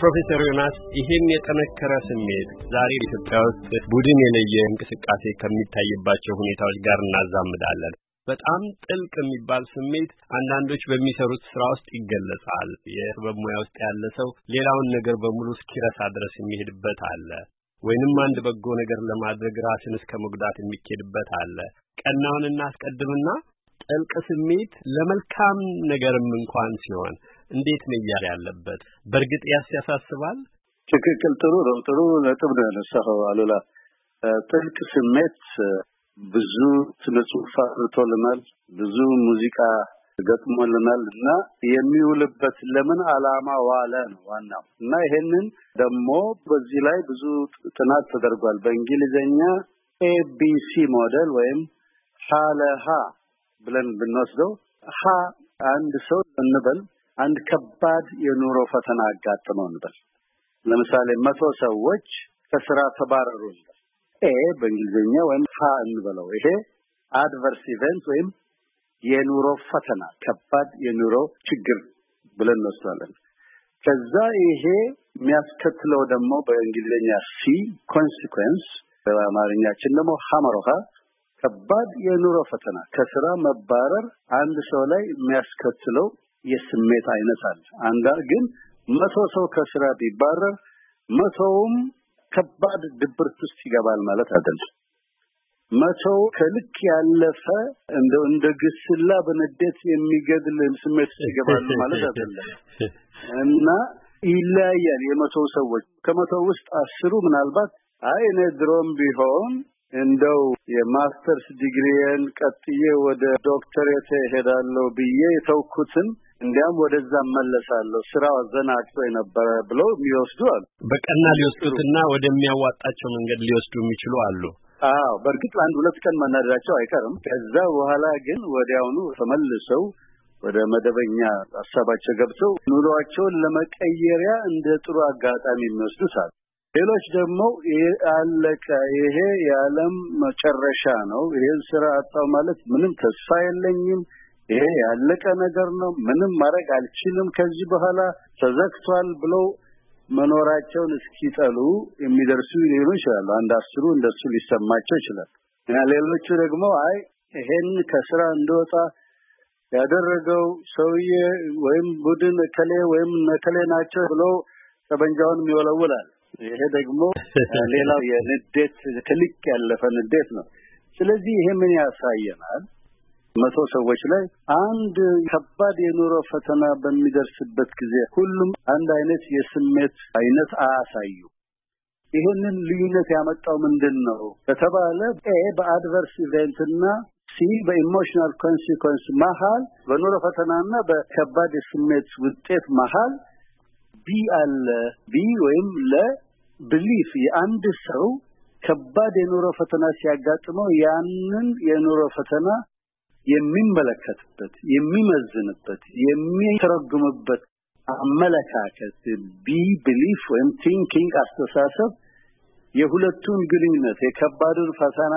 ፕሮፌሰር ዮናስ ይህን የጠነከረ ስሜት ዛሬ ኢትዮጵያ ውስጥ ቡድን የለየ እንቅስቃሴ ከሚታይባቸው ሁኔታዎች ጋር እናዛምዳለን። በጣም ጥልቅ የሚባል ስሜት አንዳንዶች በሚሰሩት ስራ ውስጥ ይገለጻል። የህበብ ሙያ ውስጥ ያለ ሰው ሌላውን ነገር በሙሉ እስኪረሳ ድረስ የሚሄድበት አለ፣ ወይንም አንድ በጎ ነገር ለማድረግ ራስን እስከ መጉዳት የሚኬድበት አለ። ቀናውን እናስቀድምና ጥልቅ ስሜት ለመልካም ነገርም እንኳን ሲሆን እንዴት መያዝ ያለበት? በእርግጥ ያስ ያሳስባል። ትክክል። ጥሩ ነው። ጥሩ ነጥብ ነው ያነሳኸው አሉላ። ጥልቅ ስሜት ብዙ ስነ ጽሑፍ አፍርቶልናል፣ ብዙ ሙዚቃ ገጥሞልናል እና የሚውልበት ለምን አላማ ዋለ ነው ዋናው። እና ይሄንን ደግሞ በዚህ ላይ ብዙ ጥናት ተደርጓል። በእንግሊዝኛ ኤቢሲ ሞዴል ወይም ሀ ብለን ብንወስደው ሀ አንድ ሰው እንበል አንድ ከባድ የኑሮ ፈተና አጋጥመው እንበል ለምሳሌ መቶ ሰዎች ከስራ ተባረሩ እንበል ኤ በእንግሊዝኛ ወይም ሀ እንበለው ይሄ አድቨርስ ኢቨንት ወይም የኑሮ ፈተና ከባድ የኑሮ ችግር ብለን እንወስዳለን። ከዛ ይሄ የሚያስከትለው ደግሞ በእንግሊዝኛ ሲ ኮንሲኩዌንስ በአማርኛችን ደግሞ ሀመሮሃ ከባድ የኑሮ ፈተና ከስራ መባረር አንድ ሰው ላይ የሚያስከትለው የስሜት አይነት አለ። አንዳ ግን መቶ ሰው ከስራ ቢባረር መቶውም ከባድ ድብርት ውስጥ ይገባል ማለት አይደለም። መቶው ከልክ ያለፈ እንደው እንደ ግስላ በንዴት የሚገድል ስሜት ውስጥ ይገባል ማለት አይደለም እና ይለያያል። የመቶ ሰዎች ከመቶ ውስጥ አስሩ ምናልባት አይ እኔ ድሮም ቢሆን እንደው የማስተርስ ዲግሪዬን ቀጥዬ ወደ ዶክተሬት እሄዳለሁ ብዬ የተውኩትን እንዲያም ወደዛ መለሳለሁ ስራ አዘናግቶ የነበረ ብለው የሚወስዱ አሉ። በቀና ሊወስዱትና ወደሚያዋጣቸው መንገድ ሊወስዱ የሚችሉ አሉ። አዎ በእርግጥ አንድ ሁለት ቀን መናደዳቸው አይቀርም። ከዛ በኋላ ግን ወዲያውኑ ተመልሰው ወደ መደበኛ ሀሳባቸው ገብተው ኑሯቸውን ለመቀየሪያ እንደ ጥሩ አጋጣሚ የሚወስዱት አሉ። ሌሎች ደግሞ አለቀ፣ ይሄ የዓለም መጨረሻ ነው፣ ይሄን ስራ አጣው ማለት ምንም ተስፋ የለኝም፣ ይሄ ያለቀ ነገር ነው፣ ምንም ማድረግ አልችልም፣ ከዚህ በኋላ ተዘግቷል ብለው መኖራቸውን እስኪጠሉ የሚደርሱ ሊሆኑ ይችላሉ። አንድ አስሩ እንደሱ ሊሰማቸው ይችላል። እና ሌሎቹ ደግሞ አይ ይሄን ከስራ እንደወጣ ያደረገው ሰውዬ ወይም ቡድን እከሌ ወይም እከሌ ናቸው ብለው ጠበንጃውን ይወለውላል። ይሄ ደግሞ ሌላው የንዴት ትልቅ ያለፈ ንዴት ነው። ስለዚህ ይሄ ምን ያሳየናል? መቶ ሰዎች ላይ አንድ ከባድ የኑሮ ፈተና በሚደርስበት ጊዜ ሁሉም አንድ አይነት የስሜት አይነት አያሳዩ። ይህንን ልዩነት ያመጣው ምንድን ነው ከተባለ ኤ በአድቨርስ ኢቨንትና ሲ በኢሞሽናል ኮንሲኮንስ መሀል በኑሮ ፈተናና በከባድ የስሜት ውጤት መሀል ቢ አለ። ቢ ወይም ለብሊፍ የአንድ ሰው ከባድ የኑሮ ፈተና ሲያጋጥመው ያንን የኑሮ ፈተና የሚመለከትበት፣ የሚመዝንበት፣ የሚተረጉምበት አመለካከት ቢ ብሊፍ ወይም ቲንኪንግ አስተሳሰብ የሁለቱን ግንኙነት የከባዱን ፈተና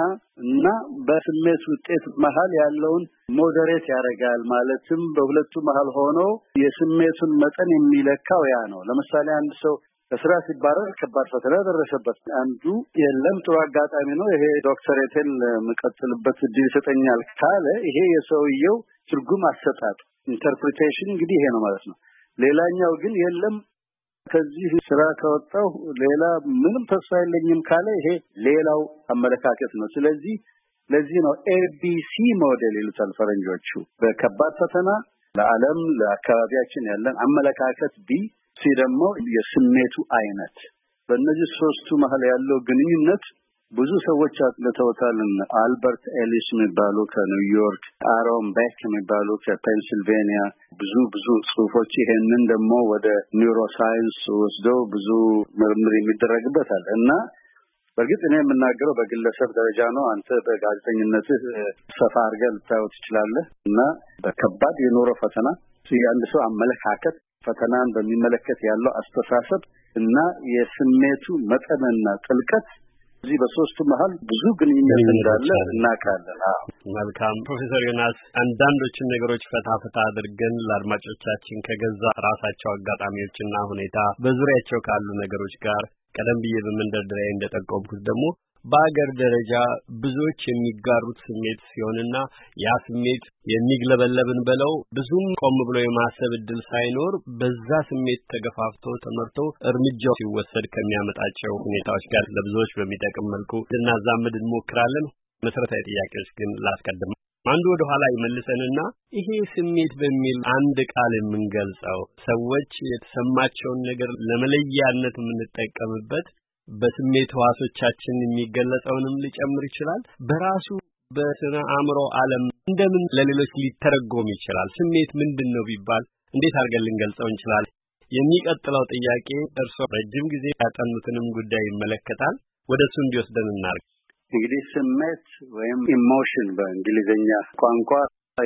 እና በስሜት ውጤት መሀል ያለውን ሞዴሬት ያደርጋል። ማለትም በሁለቱ መሀል ሆኖ የስሜቱን መጠን የሚለካው ያ ነው። ለምሳሌ አንድ ሰው ከስራ ሲባረር ከባድ ፈተና ደረሰበት። አንዱ የለም ጥሩ አጋጣሚ ነው ይሄ ዶክተሬቴን የምቀጥልበት እድል ይሰጠኛል ካለ ይሄ የሰውየው ትርጉም አሰጣጥ ኢንተርፕሪቴሽን እንግዲህ ይሄ ነው ማለት ነው። ሌላኛው ግን የለም ከዚህ ስራ ከወጣሁ ሌላ ምንም ተስፋ የለኝም ካለ ይሄ ሌላው አመለካከት ነው። ስለዚህ ለዚህ ነው ኤቢሲ ሞዴል ይሉታል ፈረንጆቹ። በከባድ ፈተና ለዓለም ለአካባቢያችን ያለን አመለካከት ቢ፣ ሲ ደግሞ የስሜቱ አይነት። በእነዚህ ሶስቱ መሀል ያለው ግንኙነት ብዙ ሰዎች አጥልተውታል። አልበርት ኤሊስ የሚባሉ ከኒውዮርክ፣ አሮን ቤክ የሚባሉ ከፔንስልቬኒያ ብዙ ብዙ ጽሁፎች ይሄንን ደግሞ ወደ ኒውሮሳይንስ ወስደው ብዙ ምርምር የሚደረግበታል እና በእርግጥ እኔ የምናገረው በግለሰብ ደረጃ ነው። አንተ በጋዜጠኝነትህ ሰፋ አድርገህ ልታየው ትችላለህ እና በከባድ የኑሮ ፈተና የአንድ ሰው አመለካከት ፈተናን በሚመለከት ያለው አስተሳሰብ እና የስሜቱ መጠንና ጥልቀት እዚህ በሶስቱ መሀል ብዙ ግንኙነት እንዳለ እናውቃለን። መልካም ፕሮፌሰር ዮናስ አንዳንዶችን ነገሮች ፈታ ፈታ አድርገን ለአድማጮቻችን ከገዛ ራሳቸው አጋጣሚዎችና ሁኔታ በዙሪያቸው ካሉ ነገሮች ጋር ቀደም ብዬ በመንደርደሪያ እንደጠቆምኩት ደግሞ በአገር ደረጃ ብዙዎች የሚጋሩት ስሜት ሲሆንና ያ ስሜት የሚግለበለብን በለው ብዙም ቆም ብሎ የማሰብ እድል ሳይኖር በዛ ስሜት ተገፋፍቶ ተመርቶ እርምጃው ሲወሰድ ከሚያመጣቸው ሁኔታዎች ጋር ለብዙዎች በሚጠቅም መልኩ ልናዛምድ እንሞክራለን። መሰረታዊ ጥያቄዎች ግን ላስቀድም። አንዱ ወደ ኋላ ይመልሰንና ይሄ ስሜት በሚል አንድ ቃል የምንገልጸው ሰዎች የተሰማቸውን ነገር ለመለያነት የምንጠቀምበት በስሜት ህዋሶቻችን የሚገለጸውንም ሊጨምር ይችላል። በራሱ በስነ አእምሮ ዓለም እንደምን ለሌሎች ሊተረጎም ይችላል? ስሜት ምንድን ነው ቢባል እንዴት አድርገን ልንገልጸው እንችላለን? የሚቀጥለው ጥያቄ እርስዎ ረጅም ጊዜ ያጠኑትንም ጉዳይ ይመለከታል። ወደ እሱ እንዲወስደን እናርግ። እንግዲህ ስሜት ወይም ኢሞሽን በእንግሊዝኛ ቋንቋ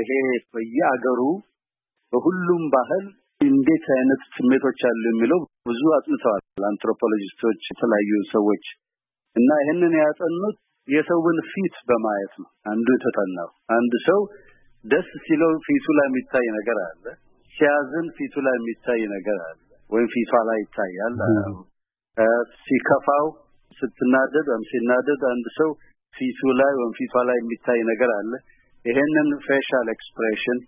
ይሄ በየአገሩ በሁሉም ባህል እንዴት አይነት ስሜቶች አሉ የሚለው ብዙ አጥንተዋል አንትሮፖሎጂስቶች፣ የተለያዩ ሰዎች እና ይህንን ያጠኑት የሰውን ፊት በማየት ነው። አንዱ የተጠናው አንድ ሰው ደስ ሲለው ፊቱ ላይ የሚታይ ነገር አለ፣ ሲያዝን ፊቱ ላይ የሚታይ ነገር አለ ወይም ፊቷ ላይ ይታያል። ሲከፋው፣ ስትናደድ ወይም ሲናደድ አንድ ሰው ፊቱ ላይ ወይም ፊቷ ላይ የሚታይ ነገር አለ። ይሄንን ፌሻል ኤክስፕሬሽን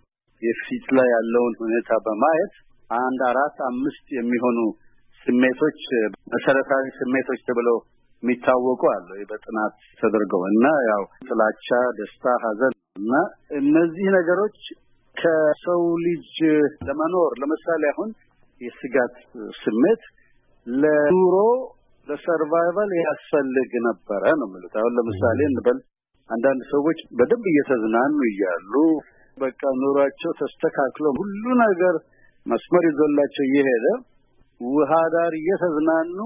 የፊት ላይ ያለውን ሁኔታ በማየት አንድ አራት አምስት የሚሆኑ ስሜቶች መሰረታዊ ስሜቶች ተብለው የሚታወቁ አሉ በጥናት ተደርገው እና ያው ጥላቻ፣ ደስታ፣ ሀዘን እና እነዚህ ነገሮች ከሰው ልጅ ለመኖር ለምሳሌ አሁን የስጋት ስሜት ለኑሮ ለሰርቫይቫል ያስፈልግ ነበረ ነው የምልህ። አሁን ለምሳሌ እንበል አንዳንድ ሰዎች በደንብ እየተዝናኑ እያሉ በቃ ኑሯቸው ተስተካክሎ ሁሉ ነገር መስመር ይዞላቸው እየሄደ ውሃ ዳር እየተዝናኑ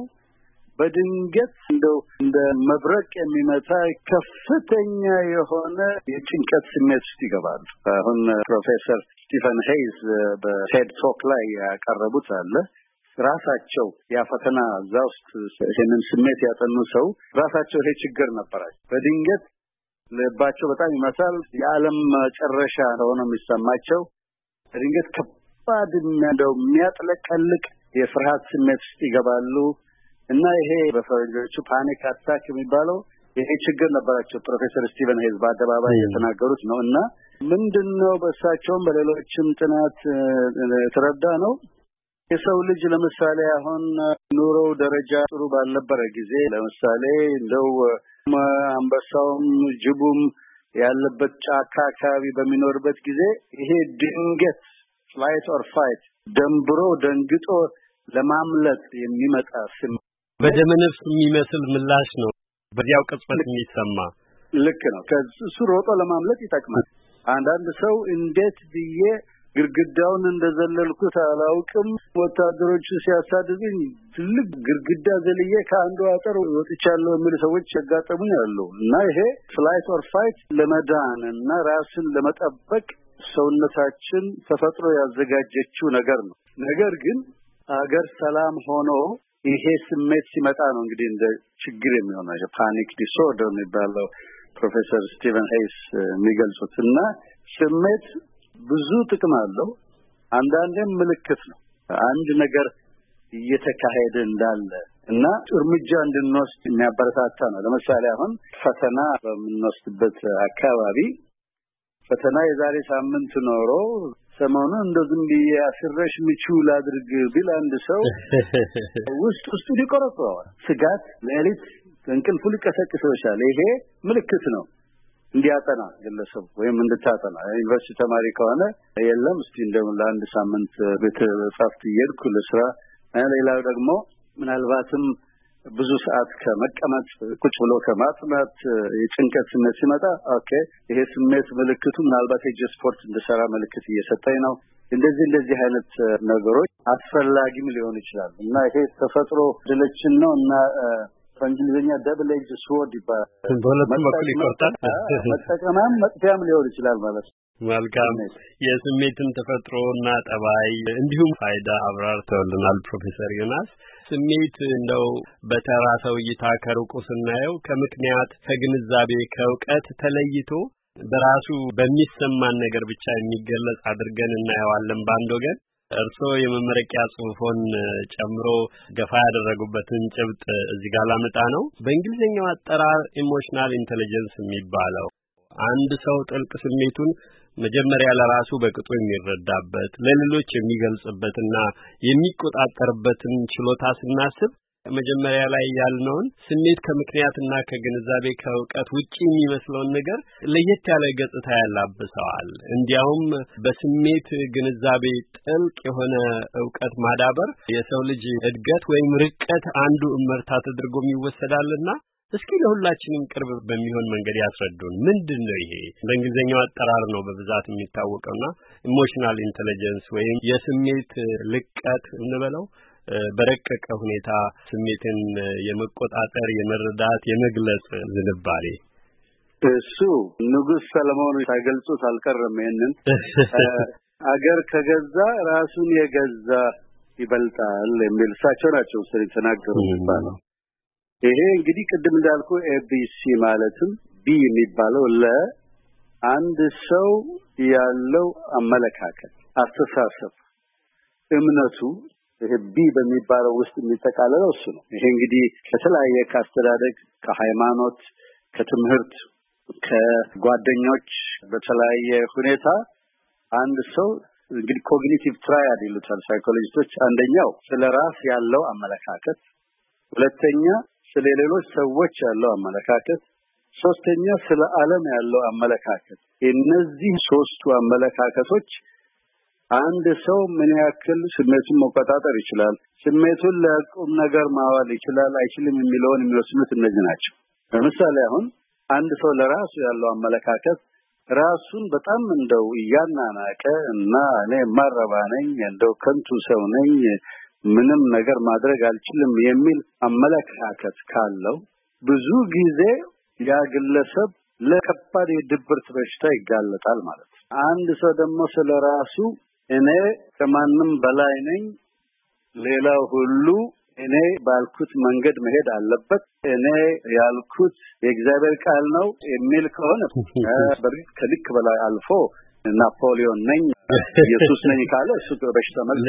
በድንገት እንደው እንደ መብረቅ የሚመታ ከፍተኛ የሆነ የጭንቀት ስሜት ውስጥ ይገባሉ። አሁን ፕሮፌሰር ስቲፈን ሄይዝ በቴድ ቶክ ላይ ያቀረቡት አለ። ራሳቸው ያ ፈተና እዛ ውስጥ ይህንን ስሜት ያጠኑ ሰው ራሳቸው ይሄ ችግር ነበራቸው። በድንገት ልባቸው በጣም ይመታል። የዓለም መጨረሻ ሆነ የሚሰማቸው በድንገት ከባድ እንደው የሚያጥለቀልቅ የፍርሃት ስሜት ውስጥ ይገባሉ እና ይሄ በፈረንጆቹ ፓኒክ አታክ የሚባለው ይሄ ችግር ነበራቸው። ፕሮፌሰር ስቲቨን ሄዝ በአደባባይ የተናገሩት ነው እና ምንድን ነው በእሳቸውም በሌሎችም ጥናት የተረዳ ነው የሰው ልጅ ለምሳሌ አሁን ኑሮው ደረጃ ጥሩ ባልነበረ ጊዜ ለምሳሌ እንደው አንበሳውም ጅቡም ያለበት ጫካ አካባቢ በሚኖርበት ጊዜ ይሄ ድንገት ፍላይት ኦር ፋይት ደንብሮ ደንግጦ ለማምለጥ የሚመጣ ስም በደመነፍስ የሚመስል ምላሽ ነው በዚያው ቅጽበት የሚሰማ ልክ ነው። ከሱ ሮጦ ለማምለጥ ይጠቅማል። አንዳንድ ሰው እንዴት ብዬ ግድግዳውን እንደዘለልኩት አላውቅም። ወታደሮቹ ሲያሳድዱኝ ትልቅ ግድግዳ ዘልዬ ከአንዱ አጥር ወጥቻለሁ የሚሉ ሰዎች ያጋጠሙኝ አሉ እና ይሄ ፍላይት ኦር ፋይት ለመዳን እና ራስን ለመጠበቅ ሰውነታችን ተፈጥሮ ያዘጋጀችው ነገር ነው። ነገር ግን አገር ሰላም ሆኖ ይሄ ስሜት ሲመጣ ነው እንግዲህ እንደ ችግር የሚሆነው ፓኒክ ዲስኦርደር የሚባለው ፕሮፌሰር ስቲቨን ሄይስ የሚገልጹት እና ስሜት ብዙ ጥቅም አለው። አንዳንዴም ምልክት ነው አንድ ነገር እየተካሄደ እንዳለ እና እርምጃ እንድንወስድ የሚያበረታታ ነው። ለምሳሌ አሁን ፈተና በምንወስድበት አካባቢ ፈተና የዛሬ ሳምንት ኖሮ ሰሞኑን እንደዚህ ዝም ብዬ አስረሽ ምቹ ላድርግ ቢል አንድ ሰው ውስጥ ውስጡ ሊቆረጥረዋል። ስጋት ሌሊት እንቅልፉ ሊቀሰቅሰውሻል። ይሄ ምልክት ነው። እንዲያጠና ግለሰቡ ወይም እንድታጠና ዩኒቨርሲቲ ተማሪ ከሆነ የለም እስቲ እንደውም ለአንድ ሳምንት ቤተ መጽሐፍት እየሄድኩ ለስራ ሌላው ደግሞ ምናልባትም ብዙ ሰዓት ከመቀመጥ ቁጭ ብሎ ከማጥናት የጭንቀት ስሜት ሲመጣ ኦኬ ይሄ ስሜት ምልክቱ ምናልባት የእጅ ስፖርት እንድሰራ ምልክት እየሰጠኝ ነው። እንደዚህ እንደዚህ አይነት ነገሮች አስፈላጊም ሊሆን ይችላል እና ይሄ ተፈጥሮ ድለችን ነው እና በእንግሊዝኛ ደብል ኤጅ ይባላል። በሁለቱም በኩል ይቆርጣል። መጠቀሚያም መጥፊያም ሊሆን ይችላል ማለት ነው። መልካም የስሜትን ተፈጥሮ እና ጠባይ እንዲሁም ፋይዳ አብራርተውልናል ፕሮፌሰር ዮናስ። ስሜት እንደው በተራ ሰው እይታ ከሩቁ ስናየው ከምክንያት ከግንዛቤ ከእውቀት ተለይቶ በራሱ በሚሰማን ነገር ብቻ የሚገለጽ አድርገን እናየዋለን። በአንድ ወገን እርስዎ የመመረቂያ ጽሑፎን ጨምሮ ገፋ ያደረጉበትን ጭብጥ እዚህ ጋር ላመጣ ነው። በእንግሊዝኛው አጠራር ኢሞሽናል ኢንቴሊጀንስ የሚባለው አንድ ሰው ጥልቅ ስሜቱን መጀመሪያ ለራሱ በቅጡ የሚረዳበት ለሌሎች የሚገልጽበትና የሚቆጣጠርበትን ችሎታ ስናስብ መጀመሪያ ላይ ያልነውን ስሜት ከምክንያትና ከግንዛቤ ከእውቀት ውጪ የሚመስለውን ነገር ለየት ያለ ገጽታ ያላብሰዋል። እንዲያውም በስሜት ግንዛቤ ጥልቅ የሆነ እውቀት ማዳበር የሰው ልጅ እድገት ወይም ርቀት አንዱ እመርታ ተደርጎም ይወሰዳልና እስኪ ለሁላችንም ቅርብ በሚሆን መንገድ ያስረዱን። ምንድን ነው ይሄ? በእንግሊዝኛው አጠራር ነው በብዛት የሚታወቀውና ኢሞሽናል ኢንቴሊጀንስ ወይም የስሜት ልቀት እንበለው በረቀቀ ሁኔታ ስሜትን የመቆጣጠር የመረዳት፣ የመግለጽ ዝንባሌ እሱ ንጉሥ ሰለሞን ሳይገልጹት አልቀረም። ይህንን አገር ከገዛ ራሱን የገዛ ይበልጣል የሚል እሳቸው ናቸው ስ የተናገሩ ይሄ እንግዲህ ቅድም እንዳልኩ ኤቢሲ ማለትም ቢ የሚባለው ለአንድ ሰው ያለው አመለካከት፣ አስተሳሰብ፣ እምነቱ ይሄ ቢ በሚባለው ውስጥ የሚጠቃለለው እሱ ነው። ይሄ እንግዲህ ከተለያየ ከአስተዳደግ፣ ከሃይማኖት፣ ከትምህርት፣ ከጓደኞች በተለያየ ሁኔታ አንድ ሰው እንግዲህ ኮግኒቲቭ ትራያድ ይሉታል ሳይኮሎጂስቶች። አንደኛው ስለ ራስ ያለው አመለካከት፣ ሁለተኛ ስለ ሌሎች ሰዎች ያለው አመለካከት፣ ሶስተኛ ስለ ዓለም ያለው አመለካከት። እነዚህ ሶስቱ አመለካከቶች አንድ ሰው ምን ያክል ስሜቱን መቆጣጠር ይችላል፣ ስሜቱን ለቁም ነገር ማዋል ይችላል አይችልም የሚለውን የሚወስኑት እነዚህ ናቸው። ለምሳሌ አሁን አንድ ሰው ለራሱ ያለው አመለካከት ራሱን በጣም እንደው እያናናቀ እና እኔ ማረባ ነኝ፣ እንደው ከንቱ ሰው ነኝ፣ ምንም ነገር ማድረግ አልችልም የሚል አመለካከት ካለው ብዙ ጊዜ ያ ግለሰብ ለከባድ የድብርት በሽታ ይጋለጣል ማለት ነው። አንድ ሰው ደግሞ ስለ ራሱ እኔ ከማንም በላይ ነኝ፣ ሌላው ሁሉ እኔ ባልኩት መንገድ መሄድ አለበት፣ እኔ ያልኩት የእግዚአብሔር ቃል ነው የሚል ከሆነ በእርግጥ ከልክ በላይ አልፎ ናፖሊዮን ነኝ ኢየሱስ ነኝ ካለ እሱ በሽታ መልስ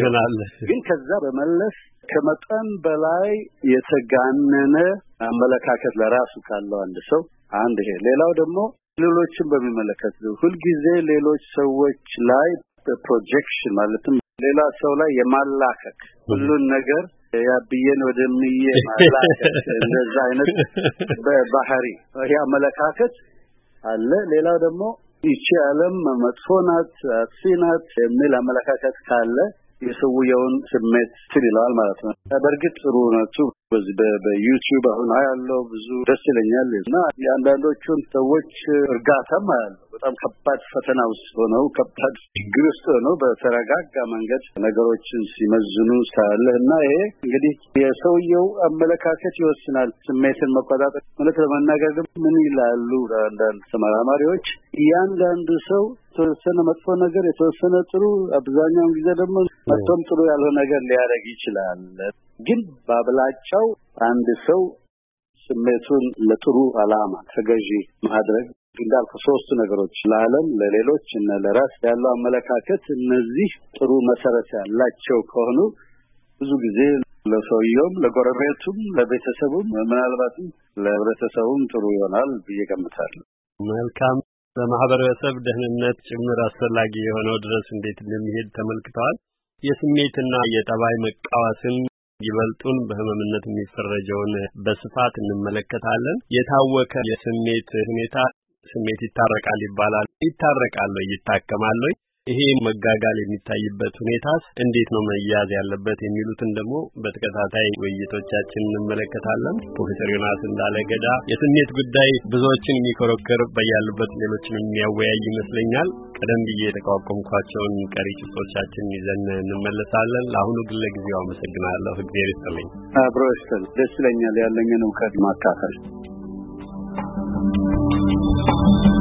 ይሆናል። ግን ከዛ በመለስ ከመጠን በላይ የተጋነነ አመለካከት ለራሱ ካለው አንድ ሰው አንድ ይሄ ሌላው ደግሞ ሌሎችን በሚመለከት ሁልጊዜ ሌሎች ሰዎች ላይ በፕሮጀክሽን ማለትም ሌላ ሰው ላይ የማላከክ ሁሉን ነገር ያብዬን ወደምዬ ማላከክ እንደዛ አይነት ባህሪ ይሄ አመለካከት አለ። ሌላው ደግሞ ይቺ ዓለም መጥፎ ናት፣ አጥፊ ናት የሚል አመለካከት ካለ የሰውየውን ስሜት ትል ይለዋል ማለት ነው። በእርግጥ ጥሩ ነቱ በዚህ በዩቲዩብ አሁን ያለው ብዙ ደስ ይለኛል እና የአንዳንዶቹን ሰዎች እርጋታም አያለው በጣም ከባድ ፈተና ውስጥ ሆነው ከባድ ችግር ውስጥ ሆነው በተረጋጋ መንገድ ነገሮችን ሲመዝኑ ሳለ እና ይሄ እንግዲህ የሰውየው አመለካከት ይወስናል። ስሜትን መቆጣጠር ማለት ለመናገር ግን ምን ይላሉ አንዳንድ ተመራማሪዎች እያንዳንዱ ሰው የተወሰነ መጥፎ ነገር፣ የተወሰነ ጥሩ፣ አብዛኛውን ጊዜ ደግሞ መጥቶም ጥሩ ያልሆነ ነገር ሊያደርግ ይችላል። ግን በአብላጫው አንድ ሰው ስሜቱን ለጥሩ ዓላማ ተገዢ ማድረግ እንዳልኩ ሶስቱ ነገሮች ለዓለም፣ ለሌሎች እና ለራስ ያለው አመለካከት እነዚህ ጥሩ መሰረት ያላቸው ከሆኑ ብዙ ጊዜ ለሰውየውም፣ ለጎረቤቱም፣ ለቤተሰቡም ምናልባትም ለህብረተሰቡም ጥሩ ይሆናል ብዬ ገምታለሁ። መልካም። በማህበረሰብ ደህንነት ጭምር አስፈላጊ የሆነው ድረስ እንዴት እንደሚሄድ ተመልክተዋል። የስሜትና የጠባይ መቃወስን ይበልጡን በህመምነት የሚፈረጀውን በስፋት እንመለከታለን። የታወከ የስሜት ሁኔታ ስሜት ይታረቃል ይባላል። ይታረቃል ወይ ይታከማል ወይ? ይሄ መጋጋል የሚታይበት ሁኔታስ እንዴት ነው መያዝ ያለበት የሚሉትን ደግሞ በተከታታይ ውይይቶቻችን እንመለከታለን። ፕሮፌሰር ዮናስ እንዳለ ገዳ የስሜት ጉዳይ ብዙዎችን የሚኮረክር በያሉበት ሌሎችን የሚያወያይ ይመስለኛል። ቀደም ብዬ የተቋቋምኳቸውን ቀሪ ጭብጦቻችን ይዘን እንመለሳለን። ለአሁኑ ግን ለጊዜው አመሰግናለሁ። እግዜር ይስጥልኝ ፕሮፌሰር። ደስ ይለኛል ያለኝን እውቀት ማካፈል Thank you.